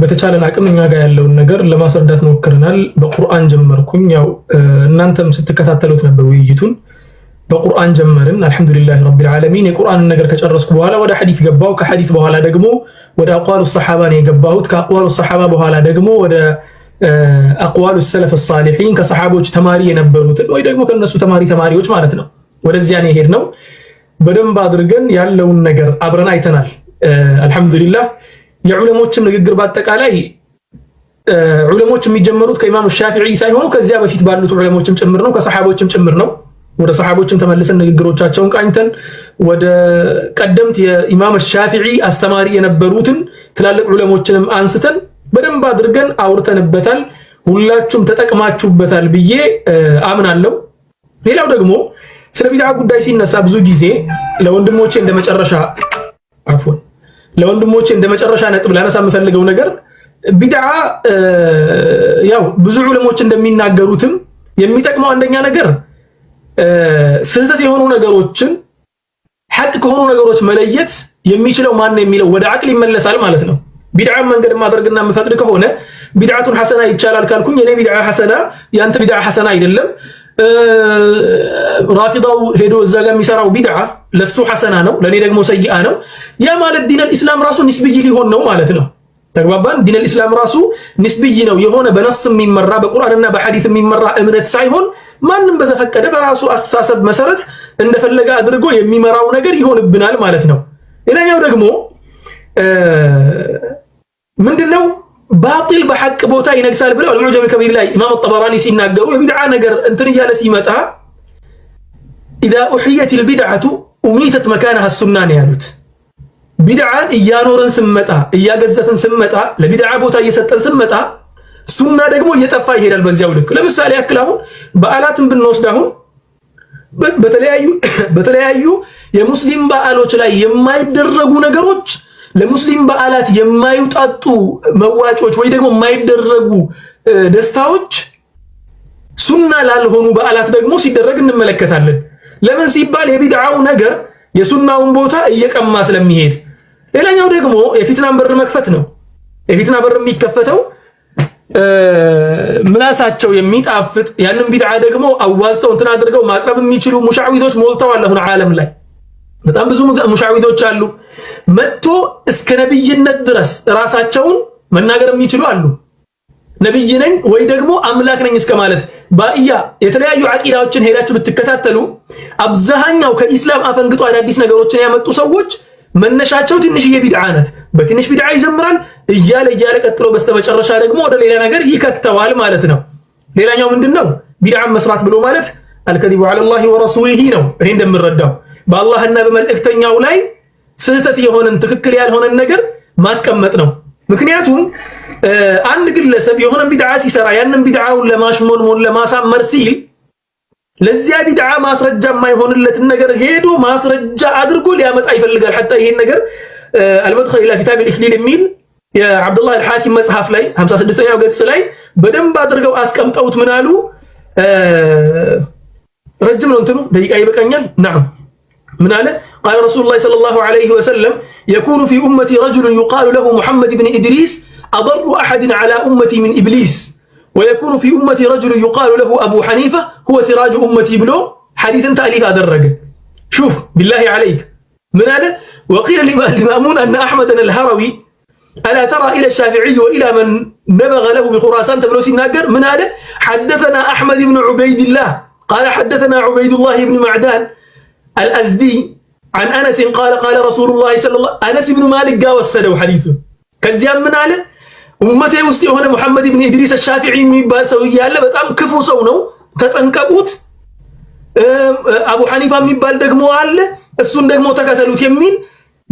በተቻለን አቅም እኛ ጋር ያለውን ነገር ለማስረዳት ሞክረናል። በቁርአን ጀመርኩኝ። ያው እናንተም ስትከታተሉት ነበር ውይይቱን። በቁርአን ጀመርን። አልሐምዱሊላህ ረቢል ዓለሚን የቁርአንን ነገር ከጨረስኩ በኋላ ወደ ሐዲት ገባሁ። ከሐዲት በኋላ ደግሞ ወደ አቋሉ ሰሓባ ነው የገባሁት። ከአቋሉ ሰሓባ በኋላ ደግሞ ወደ አቅዋሉ ሰለፍ ሳሊሒን ከሰሓቦች ተማሪ የነበሩትን ወይ ደግሞ ከነሱ ተማሪ ተማሪዎች ማለት ነው። ወደዚያ ነው የሄድነው። በደንብ አድርገን ያለውን ነገር አብረን አይተናል። አልሐምዱሊላህ የዑለሞችን ንግግር በአጠቃላይ ዑለሞች የሚጀመሩት ከኢማሙ ሻፊዒ ሳይሆኑ ከዚያ በፊት ባሉት ዑለሞችም ጭምር ነው፣ ከሰሓቦችም ጭምር ነው። ወደ ሰሓቦችም ተመልሰን ንግግሮቻቸውን ቃኝተን ወደ ቀደምት የኢማም ሻፊዒ አስተማሪ የነበሩትን ትላልቅ ዑለሞችንም አንስተን በደንብ አድርገን አውርተንበታል። ሁላችሁም ተጠቅማችሁበታል ብዬ አምናለሁ። ሌላው ደግሞ ስለ ቢድዓ ጉዳይ ሲነሳ ብዙ ጊዜ ለወንድሞቼ እንደመጨረሻ መጨረሻ አፎን ለወንድሞቼ እንደ መጨረሻ ነጥብ ላነሳ የምፈልገው ነገር ቢድዓ ያው ብዙ ዑለሞች እንደሚናገሩትም የሚጠቅመው አንደኛ ነገር ስህተት የሆኑ ነገሮችን ሐቅ ከሆኑ ነገሮች መለየት የሚችለው ማን የሚለው ወደ አቅል ይመለሳል ማለት ነው። ቢድዓ መንገድ ማድረግና የምፈቅድ ከሆነ ቢድዓቱን ሐሰና ይቻላል ካልኩኝ የኔ ቢድዓ ሐሰና ያንተ ቢድዓ ሐሰና አይደለም ራፊዳው ሄዶ እዛ ጋር የሚሰራው ቢድዓ ለሱ ሐሰና ነው፣ ለእኔ ደግሞ ሰይአ ነው። ያ ማለት ዲነል ኢስላም ራሱ ንስብይ ሊሆን ነው ማለት ነው። ተግባባን። ዲነል ኢስላም ራሱ ንስብይ ነው የሆነ በነስ የሚመራ በቁርአንና በሐዲስ የሚመራ እምነት ሳይሆን ማንም በዘፈቀደ በራሱ አስተሳሰብ መሰረት እንደፈለገ አድርጎ የሚመራው ነገር ይሆንብናል ማለት ነው። ሌላኛው ደግሞ ምንድነው? ባጢል በሐቅ ቦታ ይነግሳል ብለው አልሙዕጀም ከቢር ላይ ኢማም ጠበራኒ ሲናገሩ የቢድዓ ነገር እንትን እያለ ሲመጣ ኢዛ ኡሕየት ልቢድዓቱ ኡሚተት መካናሃ ሱና ነው ያሉት። ቢድዓን እያኖርን ስመጣ እያገዘፍን ስመጣ ለቢድዓ ቦታ እየሰጠን ስመጣ ሱና ደግሞ እየጠፋ ይሄዳል። በዚያው ልክ ለምሳሌ ያክል አሁን በዓላትን ብንወስድ አሁን በተለያዩ የሙስሊም በዓሎች ላይ የማይደረጉ ነገሮች ለሙስሊም በዓላት የማይውጣጡ መዋጮች ወይ ደግሞ የማይደረጉ ደስታዎች ሱና ላልሆኑ በዓላት ደግሞ ሲደረግ እንመለከታለን። ለምን ሲባል የቢድዓው ነገር የሱናውን ቦታ እየቀማ ስለሚሄድ። ሌላኛው ደግሞ የፊትናን በር መክፈት ነው። የፊትና በር የሚከፈተው ምላሳቸው የሚጣፍጥ ያንን ቢድዓ ደግሞ አዋዝተው እንትን አድርገው ማቅረብ የሚችሉ ሙሻዊቶች ሞልተዋል። አሁን ዓለም ላይ በጣም ብዙ ሙሻዊዞች አሉ። መጥቶ እስከ ነብይነት ድረስ ራሳቸውን መናገር የሚችሉ አሉ። ነብይ ነኝ ወይ ደግሞ አምላክ ነኝ እስከ ማለት ባእያ የተለያዩ አቂዳዎችን ሄዳችሁ ብትከታተሉ አብዛኛው ከኢስላም አፈንግጦ አዳዲስ ነገሮችን ያመጡ ሰዎች መነሻቸው ትንሽዬ ቢድዓ ናት። በትንሽ ቢድዓ ይጀምራል እያለ እያለ ቀጥሎ በስተመጨረሻ ደግሞ ወደ ሌላ ነገር ይከተዋል ማለት ነው። ሌላኛው ምንድን ነው? ቢድዓን መስራት ብሎ ማለት አልከዚቡ ዐለላሂ ወረሱሊሂ ነው። እኔ እንደምረዳው በአላህና በመልእክተኛው ላይ ስህተት የሆነን ትክክል ያልሆነን ነገር ማስቀመጥ ነው። ምክንያቱም አንድ ግለሰብ የሆነን ቢድዓ ሲሰራ ያንን ቢድዓውን ለማሽሞንሞን ለማሳመር ሲል ለዚያ ቢድዓ ማስረጃ የማይሆንለትን ነገር ሄዶ ማስረጃ አድርጎ ሊያመጣ ይፈልጋል። ሐታ ይሄን ነገር አልመድኸል ኢላ ኪታብ ኢክሊል የሚል የአብዱላህ አልሐኪም መጽሐፍ ላይ 56ኛው ገጽ ላይ በደንብ አድርገው አስቀምጠውት ምናሉ ረጅም ነው እንትኑ ደቂቃ ይበቃኛል። ናም من أنا؟ قال رسول الله صلى الله عليه وسلم يكون في أمتي رجل يقال له محمد بن إدريس أضر أحد على أمتي من إبليس ويكون في أمتي رجل يقال له أبو حنيفة هو سراج أمتي بلو حديثا تأليه أدرج شوف بالله عليك من أنا؟ وقيل للمأمون أن أحمد الهروي ألا ترى إلى الشافعي وإلى من نبغ له بخراسان تبلوس ناقر من هذا حدثنا أحمد بن عبيد الله قال حدثنا عبيد الله بن معدان አልአዝዲ አን አነስን ቃለ ቃለ ረሱሉላህ ሰለላሁ አነስ ብኑ ማሊክ ጋር ወሰደው ሐዲሱን። ከዚያም ምን አለ ኡመቴ ውስጥ የሆነ ሙሐመድ ብን ኢድሪስ አሻፊዒ የሚባል ሰው እያለ በጣም ክፉ ሰው ነው፣ ተጠንቀቁት። አቡ ሐኒፋ የሚባል ደግሞ አለ፣ እሱን ደግሞ ተከተሉት የሚል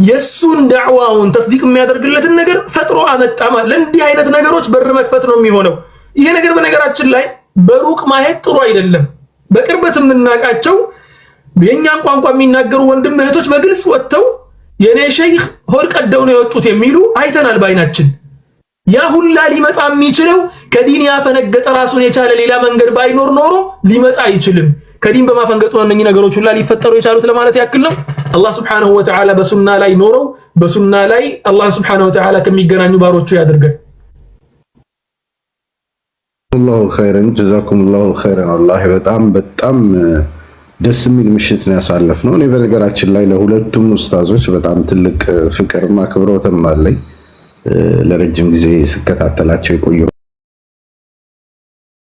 የእሱን ዳዕዋውን ተስዲቅ የሚያደርግለትን ነገር ፈጥሮ አመጣ። ማለት ለእንዲህ አይነት ነገሮች በር መክፈት ነው የሚሆነው። ይሄ ነገር በነገራችን ላይ በሩቅ ማየት ጥሩ አይደለም። በቅርበት የምናውቃቸው የእኛን ቋንቋ የሚናገሩ ወንድም እህቶች በግልጽ ወጥተው የእኔ ሸይህ ሆድ ቀደው ነው የወጡት የሚሉ አይተናል ባይናችን። ያ ሁላ ሊመጣ የሚችለው ከዲን ያፈነገጠ ራሱን የቻለ ሌላ መንገድ ባይኖር ኖሮ ሊመጣ አይችልም። ከዲን በማፈንገጡ ነው እነኚህ ነገሮች ሁላ ሊፈጠሩ የቻሉት ለማለት ያክል ነው። አላህ ስብሐነሁ ወተዓላ በሱና ላይ ኖረው በሱና ላይ አላህ ስብሐነሁ ወተዓላ ከሚገናኙ ባሮቹ ያድርገን። ጀዛኩሙላሁ ኸይረን። በጣም በጣም ደስ የሚል ምሽት ነው ያሳለፍነው። እኔ በነገራችን ላይ ለሁለቱም ኡስታዞች በጣም ትልቅ ፍቅርም አክብሮትም አለኝ። ለረጅም ጊዜ ስከታተላቸው የቆየ